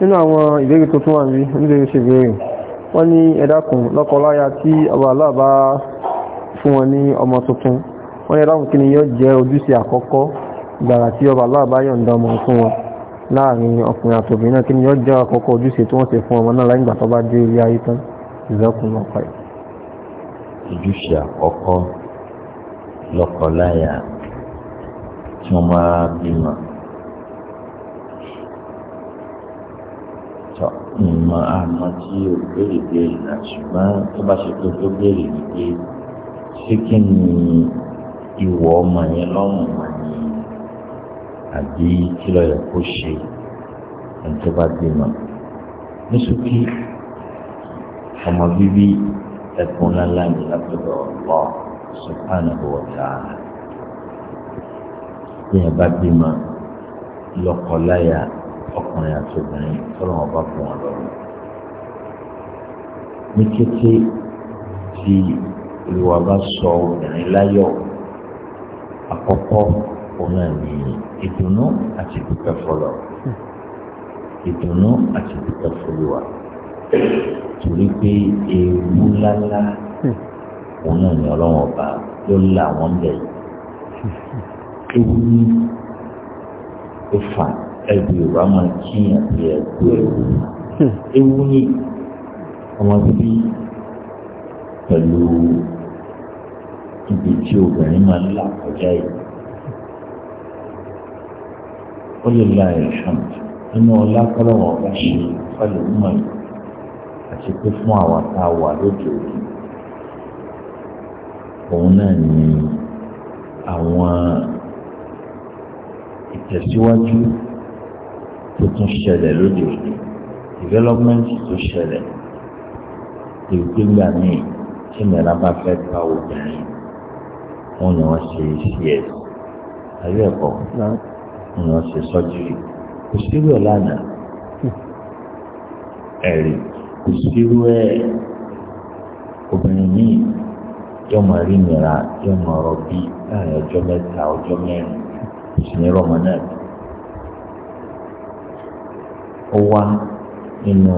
nínú àwọn ìbéèrè tó tún wà ní ìbéèrè ṣe ìbéèrè wọ́n ní ẹ̀dàkùn lọ́kọláya tí ọba aláàbá fún wọn ní ọmọ tuntun wọ́n ní ẹ̀dàkùn kí ni yóò jẹ́ ojúṣe àkọ́kọ́ gbàrà tí ọba aláàbá yọ̀ǹda ọmọ fún wọn láàrin ọkùnrin àtòbí náà kí ni yóò jẹ́ àkọ́kọ́ ojúṣe tí wọ́n ṣe fún ọmọ náà láyìngbà tó ìmọ̀ àmọ́ tí o béèrè béèrè náà ṣùgbọ́n tó bá ṣe pé tó béèrè ni pé ṣé kí ni ìwọ ọmọ yẹn lọ́rùn wà ní àbí kí ló yẹ kó ṣe ẹni tó bá bímọ. ní ṣókí ọmọ bíbí ẹ̀kún lálá ni látọ̀dọ̀ Allah subhanahu wa ta'ala. bí ẹ bá bímọ lọ́kọ láya ọkùnrin àti obìnrin tọ́lọ́ wọn bá fún wọn lọ́wọ́. ní kété tí olùwà bá sọ obìnrin láyọ̀ àkọ́kọ́ òun náà ní ìdùnnú àti ìdúpẹ́ fọlọ́ ìdùnnú àti ìdúpẹ́ fọlọ́wà torí pé ewu ńláńlá òun náà ní ọlọ́wọ́n ọba ló là wọ́n bẹ̀ ewu ní ó ẹbí wa máa kíyàn sí ẹkú ẹwù ewu ni ọmọ bíbí pẹ̀lú ibi tí obìnrin máa ń là kọjá yìí ó lè la ẹ̀sán nínú ọlá kọ́lọ́wọ́ ọba ṣe pẹ̀lú mọ̀ yìí àti pé fún àwa tá a wà lóde òní òun náà ni àwọn ìtẹ̀síwájú tó tún ṣẹlẹ̀ lóde òní development tó ṣẹlẹ̀ ìgbéga míì tí mẹ́ra bá fẹ́ bá obìnrin wọn ni wọ́n ṣe cs ayé ẹ̀kọ́ wọn ni wọ́n ṣe surgery kò sírú ẹ̀ lánàá ẹ̀rí kò sírú ẹ̀ obìnrin míì yóò máa rí mìíràn yóò máa rọ bí láàrin ọjọ́ mẹ́ta ọjọ́ mẹ́rin kò sí ní rọ́mọ náà bí ó wá nínú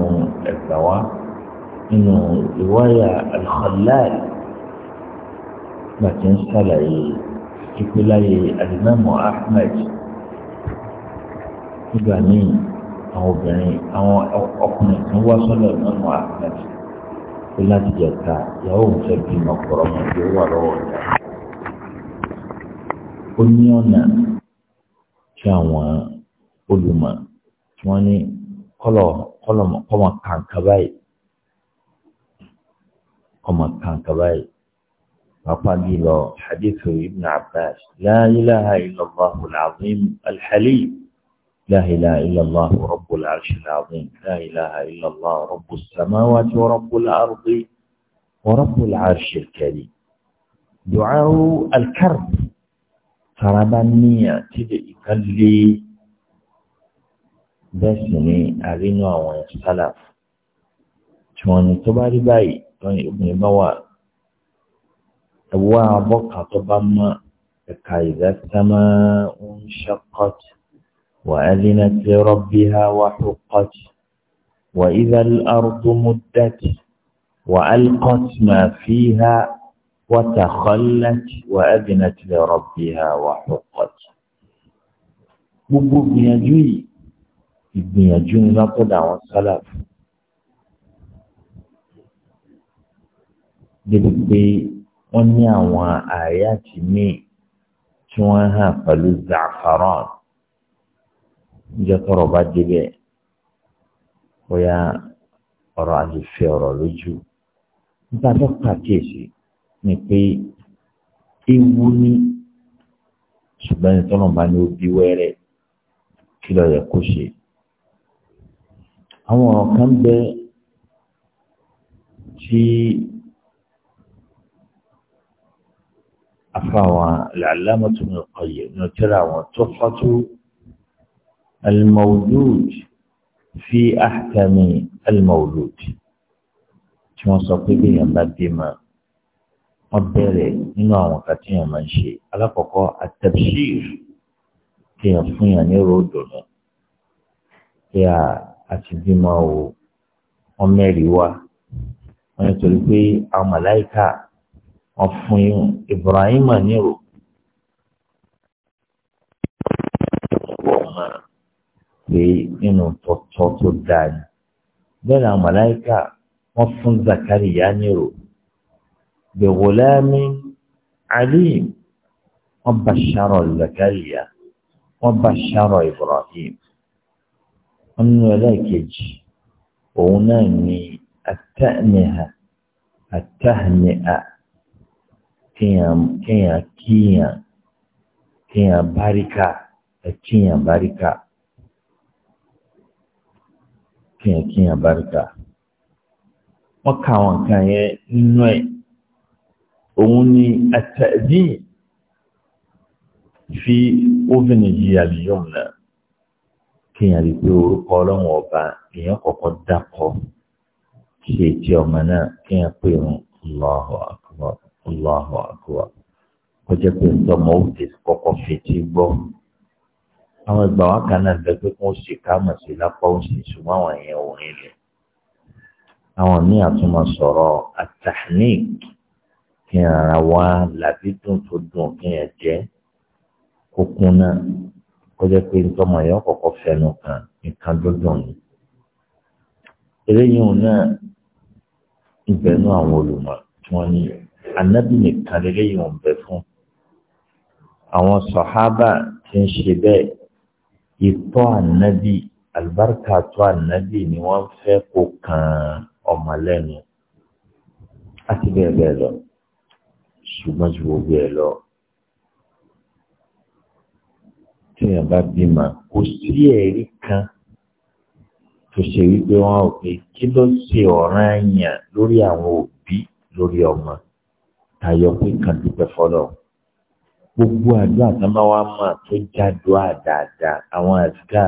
ẹ̀gbà wá nínú ìwáyà al-Khallal gbàtí ń ṣàlàyé ìpìláyè alimami Ahmed nígbà míì àwọn obìnrin àwọn ọkùnrin kan wá sọ́dọ̀ alimami Ahmed pé láti jẹta ìyàwó òun fẹ́ bí ọkọ̀rọ̀ ọmọ tí wà lọ́wọ́ ọ̀dà ó ní ọ̀nà tí àwọn olùmọ̀ wọ́n ní. kọ́lọ̀ kọ́lọ̀ kọ́mọ kàǹkà báyìí kọ́mọ kàǹkà báyìí pàápàá jùlọ hadithu ibn abbas la ilaha illallah al-azim al-halim la ilaha illallah rabbul arsh al-azim la ilaha illallah rabbus samawati wa rabbul ardi wa rabbul arsh al-karim du'a al-karb farabaniya tidi ikalli bẹ́ẹ̀ sì ni àrínú àwọn sálàf tí wọ́n ní tó bá rí báyìí obìnrin bá wà ẹwà abọ́kà tó bá mọ́ ẹ̀ka ìdásámá ń ṣọ́kọ́t wà á ẹ́línà tí rọ́bí ha wà ṣọ́kọ́t wà ìdá arúgbó mú dẹ́t wà á alkọ́t máa fi ha wà tà tàkọ́lẹ́t wà á ẹ́línà tí rọ́bí ha wà ṣọ́kọ́t. gbogbo gbìyànjú yìí ìgbìyànjú ńlá kọ́dà àwọn sálàfù. débi pé wọ́n ní àwọn àyàtì míì tí wọ́n hàn pẹ̀lú zafaran jẹ́kọ̀rọ̀ bá débẹ̀ bóyá ọ̀rọ̀ àlùfẹ́ ọ̀rọ̀ lójú. nígbà tó pàkíyèsí ni pé ewu ní ṣùgbọ́n ìtọ́nà bá ní ó bí wẹ́rẹ́ kí ló yẹ kó ṣe àwọn ọ̀rọ̀ kan bẹ tí afáwọn làlámọ́tò ní ọ̀yẹ̀ ní ọ̀tẹ́rà àwọn tó fọ́tò al-mawlud fi ahkami al-mawlud tí wọ́n sọ pé bí èèyàn bá bímọ wọ́n bẹ̀rẹ̀ nínú àwọn kan tí máa ń ṣe alákọ̀ọ́kọ́ at kí èèyàn fún èèyàn ní ròdùnú kí a àti bímọ o wọ́n mẹ́rin wá wọ́n nítorí pé àwọn màláìka wọ́n fún Ibrahim nírò wọ́n mọ̀ pé nínú tọ́tọ́ tó dáa ni bẹ́ẹ̀ ni àwọn màláìka wọ́n fún Zakariya nírò bẹ̀wòlámi alim wọ́n bá ṣàrọ̀ Zakariya wọ́n bá ṣàrọ̀ Ibrahim nínú ẹlẹ́ẹ̀kejì òun náà ni àtàníhà àtàníhà kíyàn kíyàn kíyàn kíyàn báríkà kíyàn báríkà kíyàn kíyàn báríkà wọ́n ka àwọn nǹkan yẹn nínú ẹ̀ òun ni àtàdín fi óvìnì yìí àlìyọ́m náà kéèyàn rí i pé orúkọ ọlọ́run ọba èèyàn kọ̀ọ̀kan dákọ̀ ṣe ti ọmọ náà kéèyàn pè ń Allahu Akbar Allahu Akbar kó jẹ́ pé ń tọ́mọ ó ti kọ́kọ́ fetí gbọ́. àwọn ìgbà wa kan náà bẹ pé kó ṣe káàmọ̀ sí lápá òsì ṣùgbọ́n àwọn èèyàn ò rìn àwọn míì àtúmọ̀ sọ̀rọ̀ atahnik kéèyàn ara wa làbí dùn tó dùn kéèyàn jẹ́ kó náà kọjá pé ntọ́mọ yẹn kọ̀kọ́ fẹnu kan nǹkan dúndùn ni. eléyìí òun náà ìbẹ̀nú àwọn olùmọ̀ tí wọ́n ní anábì nìkan eléyìí òun bẹ̀ fún. àwọn sọ̀hábà ti ń ṣe bẹ́ẹ̀ ìtọ́ ànábì àlùbáríkà tó ànábì ni wọ́n fẹ́ kó kan ọmọ lẹ́nu. àti bẹ́ẹ̀ bẹ́ẹ̀ lọ ṣùgbọ́n ju gbogbo ẹ̀ lọ. téèyàn bá bímọ kò sí ẹ̀rí kan tó ṣe wípé wọn ò pé kí ló ṣe ọ̀ràn àyàn lórí àwọn òbí lórí ọmọ tayọ pé kan dúpẹ́ fọlọ́ gbogbo àdúrà tán bá wá mọ̀ tó jádùá dáadáa àwọn àdúrà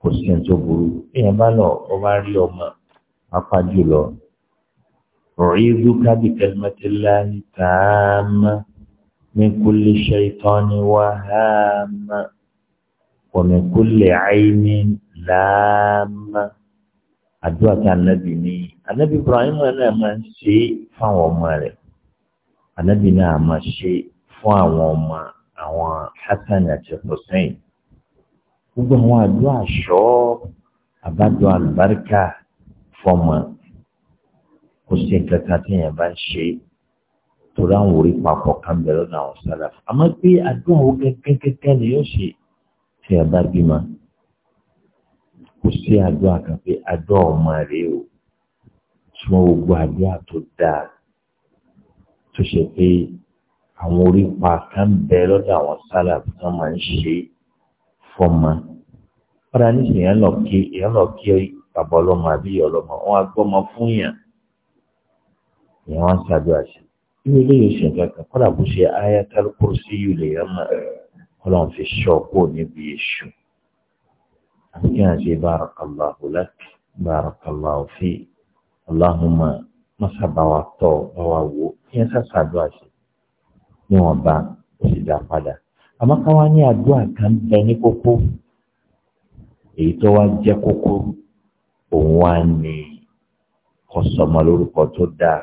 kò sí ẹni tó burú èèyàn bá lọ ọ bá rí ọmọ pápá jùlọ ọ̀rẹ́ ìlú kábíkẹ́lẹ́mẹ́tẹ́lá ní tààmà. من كل شيطان وهام ومن كل عين لام àdúrà tí anabi ní anabi ibrahim náà máa ń ṣe fáwọn ọmọ rẹ̀ anabi náà máa ṣe fún àwọn ọmọ àwọn hasan àti hussein gbogbo àwọn àdúrà ṣọ àbájọ àlùbáríkà fọmọ kò sí nǹkan kan tí yẹn bá ń ṣe torí àwọn orí papọ̀ kan bẹ̀rẹ̀ lọ́dọ̀ àwọn sálàfù àmọ́ pé àdúrà wo gẹ́gẹ́gẹ́ ni yóò ṣe tí a bá bímọ kò sí àdúrà kan pé àdúrà ọmọ rèé o súnmọ́ gbogbo àdúrà tó dáa tó ṣe pé àwọn orí pa kan bẹ lọ́dọ̀ àwọn sálàfù tó máa ń ṣe fọ́mọ fọ́dà nísìnyí èèyàn lọ kí èèyàn lọ kí bàbá ọlọ́mọ àbí ìyá ọlọ́mọ wọn á gbọ́mọ fún yàn èèyàn wá ń ṣàdúrà sí ní ilé ìṣẹ̀ kankan kọ́dà bó ṣe ayatal kursi yìí lè yẹn mọ́ kọ́dà fi ṣọ́ kó níbi èṣù. àti àti barakallahu lak barakallahu fi allahumma masa báwa tọ́ báwa wò yẹn sàṣà àdúrà ṣe níwọ̀n bá ó sì dá padà. àmọ́ káwá ní àdúrà kan bẹ ní kókó èyí tó wá jẹ́ kókó òun wá ní kọsọmọ lórúkọ tó dáa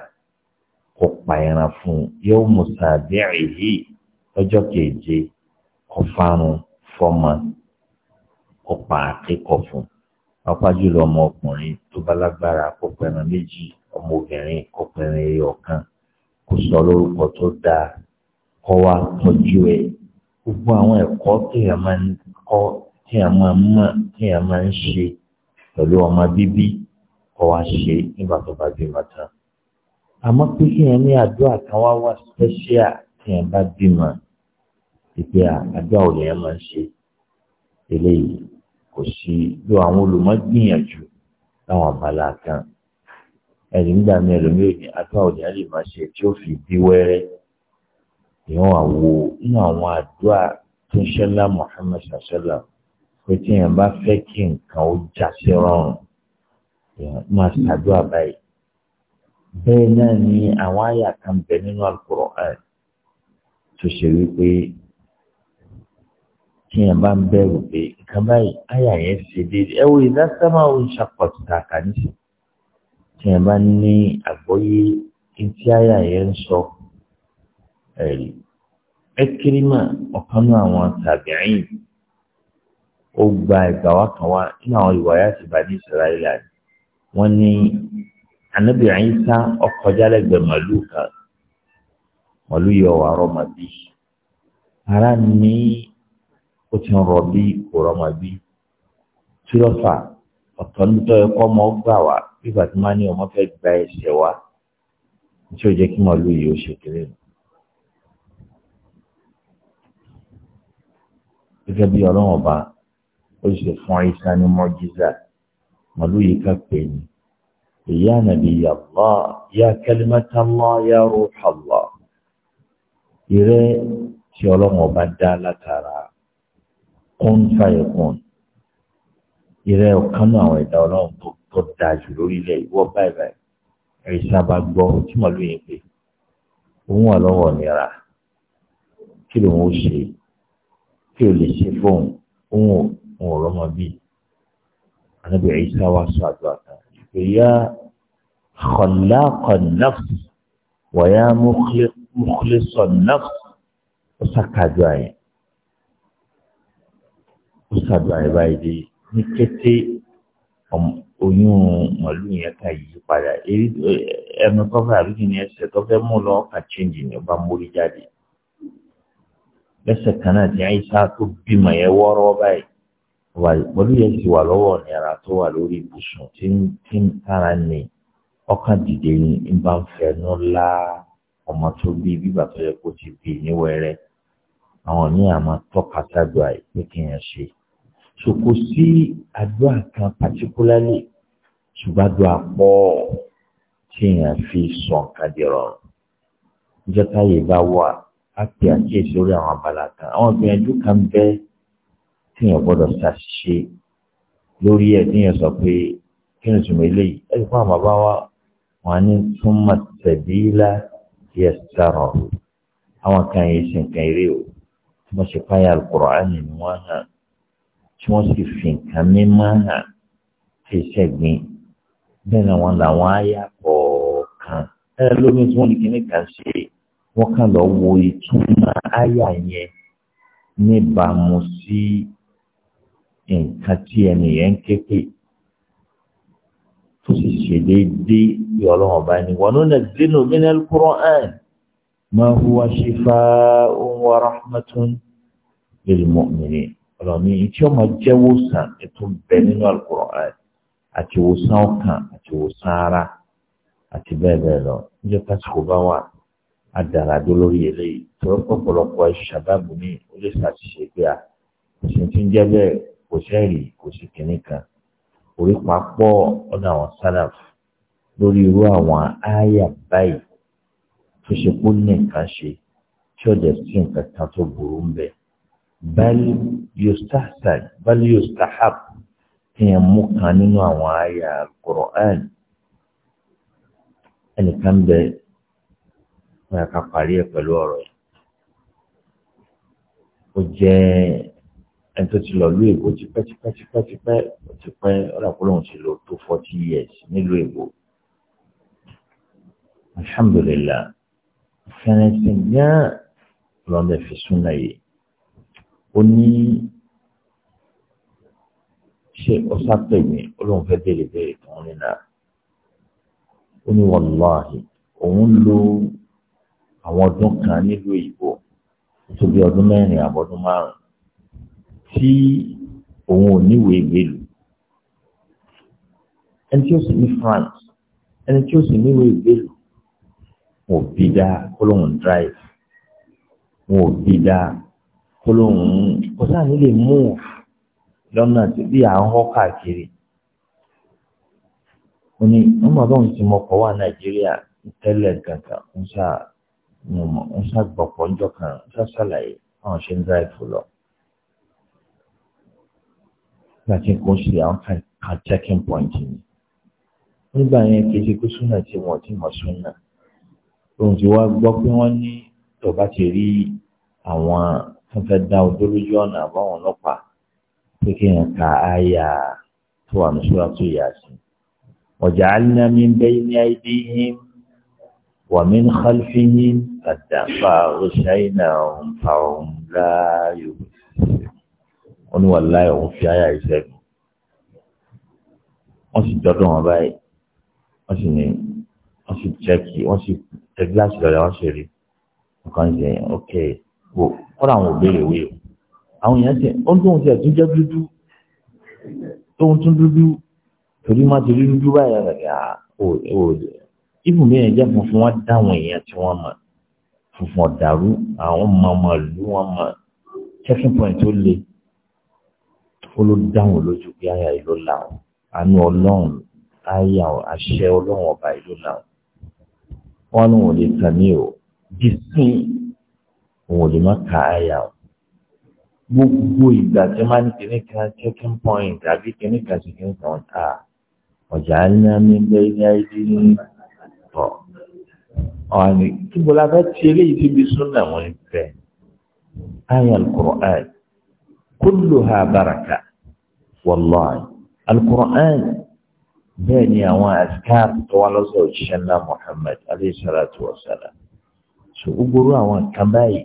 kó pa ẹran fún un yóò mú sàbẹ̀rẹ̀ yìí lọ́jọ́ keje kó fárun fọ́mọ kó pa akẹ́kọ̀ọ́ fún un pàápàá jùlọ ọmọkùnrin tó bá lágbára kó pẹran méjì ọmọbìnrin kó pẹran ẹyọ ọ̀kan kó sọ lórúkọ tó dáa kó wá tọ́jú ẹ gbogbo àwọn ẹ̀kọ́ téèyàn máa ń ṣe pẹ̀lú ọmọ bíbí kó wá ṣe nígbà tó bá bímọ tán àmọ́ pé kí yẹn ní àdúrà kan wá wá spẹ́ṣíà tí yẹn bá bímọ ìpè àdúrà ò lẹ́yìn máa ń ṣe eléyìí kò sí lo àwọn olùmọ̀gbìyànjú láwọn abala kan ẹ̀rí nígbà mi ẹlòmíràn ní àdúrà ò lẹ́yìn lè máa ṣe tí ó fi bí wẹ́rẹ́ ìwọ̀n àwo nínú àwọn àdúrà tó ń ṣẹlá Muhammad sàṣẹlá pé tí yẹn bá fẹ́ kí nǹkan ó já sí rọrùn máa ṣàdúrà báyìí bẹ́ẹ̀ náà ni àwọn àyà kan bẹ nínú Al-Qur'an tó ṣe wípé tí yẹn bá ń bẹ̀rù pé nǹkan báyìí àyà yẹn ṣe déédéé ẹ wo ìdásẹ́mà ò ń ṣàpọ̀tù kàkà níṣẹ́ tí yẹn bá ní àgbọ́yé etí àyà yẹn ń sọ ẹ̀rí ẹkírímà ọ̀kan náà àwọn tàbíàyìn ó gba ìgbà wákàwá nínú àwọn ìwà yàtìbá ní Ísírẹ́lì wọ́n ní anabi Isa ọkọjá lẹ́gbẹ̀ẹ́ màálù kan màálù yọ wà rọmọ bí ara ní ó ti ń rọ bí kò rọmọ bí tírọ́fà ọ̀tọ̀ nítọ́ ẹ̀kọ́ ọmọ gbà wá bíbà tí máa ní ọmọ fẹ́ gba ẹsẹ̀ wá tí ó jẹ́ kí màálù yìí ó ṣe kéré nù. gẹ́gẹ́ bí ọlọ́run ọba ó ṣe fún Isa ní mọ́jísà màálù yìí ká pè ní. يا نبي الله يا كلمة الله يا روح الله يرى شلون وبدالة ترى كن فيكون ìrẹ́ ọ̀kan náà àwọn ẹ̀dá ọlọ́run tó dáa jù lórí ilẹ̀ ìwọ báyìí báyìí ẹ̀ríṣà bá gbọ́ tí mo lóye pé òun wà lọ́wọ́ nira kí lòun ó ṣe kí o lè ṣe fóun òun ò rọ́mọ bíi anábìrì ẹ̀ríṣà wá sọ àdúrà kan يا خلاق النفس ويا مخلص, مخلص النفس وسكادوا أي وسكادوا أي بايدي نكتي oyún mọ̀lú yẹn ká yí padà ẹnu tó fẹ́ àbí kìíní ẹsẹ̀ tó fẹ́ mú lọ ọkà chíńjì ni ó bá mórí jáde lẹ́sẹ̀ kan náà ti àyíṣà tó bímọ yẹn wọ́ọ́rọ́ báyìí pẹ̀lú yẹn ti wà lọ́wọ́ ìnira tó wà lórí ibùsùn tí ń tí ń tára ní ọkàn dìde ní ń bá ń fẹnu lá ọmọ tó bí bíbà tó yẹ kó ti bí ní wẹ́rẹ́ àwọn ní àmọ́ tọ́ka sábà pé kí yẹn ṣe so kò sí àdúrà kan particularly ṣùgbọ́n àdúrà pọ̀ tí yẹn fi sọ nǹkan di rọrùn níjọ́ táyé bá wà á pè àkíyèsí lórí àwọn abala kan àwọn ìgbìyànjú kan bẹ́ẹ̀ tíyàn gbọ́dọ̀ ṣàṣìṣe lórí ẹ̀ tíyàn sọ pé kí ni ìtumọ̀ eléyìí ẹ̀rí fún àwọn bàbá wa wọn ní túmọ̀ tẹ̀bílá yẹ sàrọ̀ àwọn kan yìí sì ń eré o tí wọ́n ṣe fáyà Al-Qur'ani ni wọ́n hàn tí wọ́n sì fi nǹkan mímọ́ hàn fi ṣẹ́gbin bẹ́ẹ̀ náà wọn làwọn àyà kọ̀ọ̀kan ẹ̀rọ lómi tí wọ́n ní kíní kan ṣe wọ́n kàn lọ wo ìtumọ̀ àyà yẹn níbàámu sí nǹkan tí ẹnìyẹn ń ké pè tó sì ṣe déédéé bí ọlọ́run bá ní wọn náà dínú minal Qur'an ma huwa shifaa'un wa rahmatun lil mu'minin ọlọ́run ní tí ó máa jẹ́ wòsàn ètò bẹ nínú al-Qur'an àti wòsàn ọkàn àti wòsàn ara àti bẹ́ẹ̀ bẹ́ẹ̀ lọ níjẹ́ pásítọ̀ bá wà á lórí eléyìí tó ọ̀pọ̀lọpọ̀ ṣàbábù ní ó lè à kò ń jẹ́ bẹ́ẹ̀ kò sẹ́rì kò sí kìnní kan orí papọ̀ ọ̀dọ̀ àwọn sálàf lórí irú àwọn ááyà báyìí tó ṣe kó ní nǹkan ṣe tí ọ̀dẹ̀ sí nǹkan kan tó burú ń bẹ̀ báyìí yóò ẹ pẹ̀lú ọ̀rọ̀ yìí ẹni tó ti lọ lú èbó tipẹ́ tipẹ́ tipẹ́ tipẹ́ tipẹ́ ọ̀làkúlóhùn ti lò tó forty years nílùú èbó alhamdulilah fẹrẹsìn gán lọ́dẹ fi súnà yìí ó ní ṣe ọ̀sápẹ̀ mi olóhùn fẹ́ béèrè béèrè tó ń rìnà ó ní wàláhì òun lo àwọn ọdún kan nílùú èbó tó ọdún mẹ́rin àbọ̀dún márùn tí òun ò níwèé ìgbèlú ẹni tí ó sì ní France ẹni tí ó sì níwèé ìgbèlú wọn ò bí dáa kólóhùn drive wọn ò bí dáa kólóhùn kò sáà nílé move lọ́nà tí bí à ń họ́ káàkiri ó ní wọn bàbá òun ti mọkọ wà Nàìjíríà tẹ́lẹ̀ gàgà ń ṣàgbọ̀pọ̀ ńjọ kan ń ṣàṣàlàyé àwọn ṣe ń drive lọ nígbà tí nǹkan ṣe àwọn kan checking point ni nígbà yẹn kì í ṣe pé súnà tí wọn ti mọ súnà òun ti wá gbọ́ pé wọ́n ní tó bá ti rí àwọn tó fẹ́ dá ojú lójú ọ̀nà àbáwọn ọlọ́pàá pé kí n ka àyà tó wà ní sura tó yà sí. waja'alna min bayni aydihim wa min khalfihim fàdà fa ghashayna fahum la yubsirun ó ní wà láyé òun fi àyà ìṣẹ́gun wọ́n sì dọ́dọ̀ wọn báyìí wọ́n sì ní wọ́n sì jẹ́kì wọ́n sì tẹ gíláàsì lọ́dọ̀ wọ́n sì rí nǹkan ṣe ok wò kọ́ra àwọn òbéèrè wí o àwọn èèyàn ṣe ó ń tóun ṣe ẹ̀tún jẹ́ dúdú tóun tún dúdú torí má ti rí dúdú báyìí rẹ̀ ó ó ibùdó yẹn jẹ́ funfun wọn dáwọn èèyàn tí wọ́n mọ̀ funfun ọ̀dàrú àwọn ọmọ ọmọ ìlú wọn mọ̀ checking point ó le ó ló dáhùn lójú pé àyà ìlú làwọn àánú ọlọ́run àyà àṣẹ ọlọ́run ọba ìlú làwọn wọn ní wọn lè kàn o dísìn wọn lè má ka àyà o gbogbo ìgbà tí wọn ní kíní kan checking point àbí kíní kan checking point a ọjà ńlá mi bẹ ilé ayé ní ọ ọ̀hánì kí bọ́lá bá ti eléyìí ti bí súnà wọn bẹ́ẹ̀ àyà al-Qur'an kulluha baraka wàláì alukur'an bẹ́ẹ̀ ni àwọn askar tó wá lọ́sọ̀ òṣìṣẹ́ ńlá Muhammad aleyhisalatu wasalam so gbogbo àwọn kan báyìí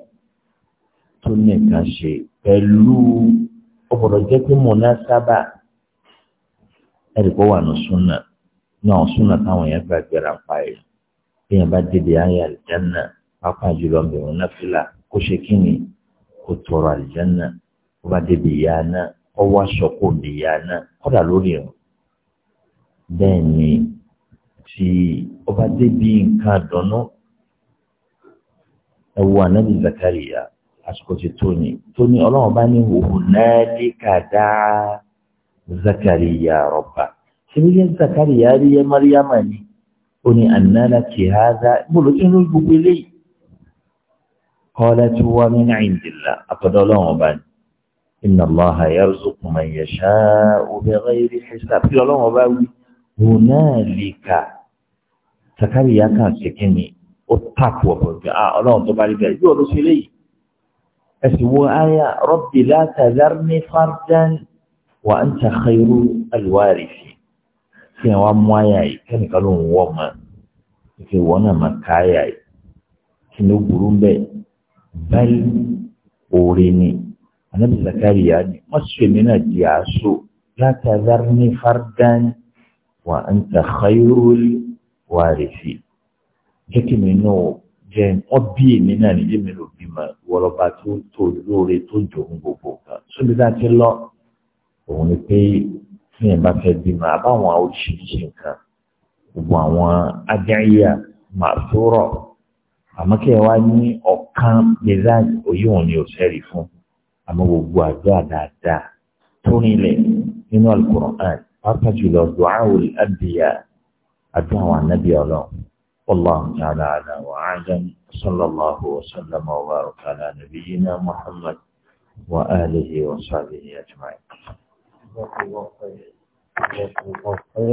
tó nìkan ṣe pẹ̀lú ọ̀pọ̀lọpọ̀ jẹ́ pé mọ̀nà sábà ẹ̀rí kó wà ní súnà náà súnà táwọn yẹn fẹ́ gbéra ń pa yìí bí yẹn bá débi ayé àlìjánná pápá jùlọ mìíràn náfìlà kó ṣe kí ni kó tọrọ àlìjánná kó bá débi ìyá náà ọwọ́ aṣọ kò lè yá náà kọ́dà lórí ẹ̀ bẹ́ẹ̀ ni tí ọba débi nǹkan àdánná ẹ wo ànábì Zakariya àsìkò ti tó ni tó ní ọlọ́run bá ní òhun náà lè kà dá Zakariya rọ̀bà ṣèlérí Zakariya rí ẹ Mariama ni ó ní ànára kìhádá gbọ́dọ̀ tí ó gbogbo eléyìí kọ́lá tí wọ́n ní àìndìlá àtọ̀dọ̀ ọlọ́run ọba ni inna Allaha yarzuqu man yasha'u bighayri hisab kí ọlọ́run ọba wí hunalika Zakariya kan ṣe kí ni ó tàkù ọ̀pọ̀ ìgbà ah, ọlọ́run tó bá rí bẹ́ẹ̀ yóò ló ṣe léyìí ẹ̀sìn wo aya rabbi la tadharni fardan wa anta khayru alwarisi kí ni wàá mú aya yìí kẹ́nìkan ló ń wọ́ ma ìfẹ́ wọ́n náà máa ká aya yìí kí ni ó burú bẹ́ẹ̀ báyìí oore ni. Ànábì Zakariya ni wọ́n ṣe mí náà di àṣọ látàrí ní fardan wà ń ta khayrul warisi jẹ́ kí mi náà jẹ́ wọ́n bí èmi náà nílé mi ló bímọ wọlọ́ba tó tó lóore tó jòun gbogbo kan sóbi láti lọ òun ni pé fún yẹn bá fẹ́ bímọ àbáwọn oríṣiríṣi nǹkan gbogbo àwọn adéyà màtúrọ̀ àmọ́ kí ẹ wá ní ọ̀kan mẹ́sàgì òyìnbó ni ò sẹ́rì fún àmọ́ gbogbo àdúrà dáadáa tó rinlẹ̀ nínú alukur'an pàápàá jùlọ du'awul abiya àdúrà àwọn anábì ọlọ́run wallahu ta'ala ala wa a'lam sallallahu wa sallama wa baraka ala nabiyyina muhammad wa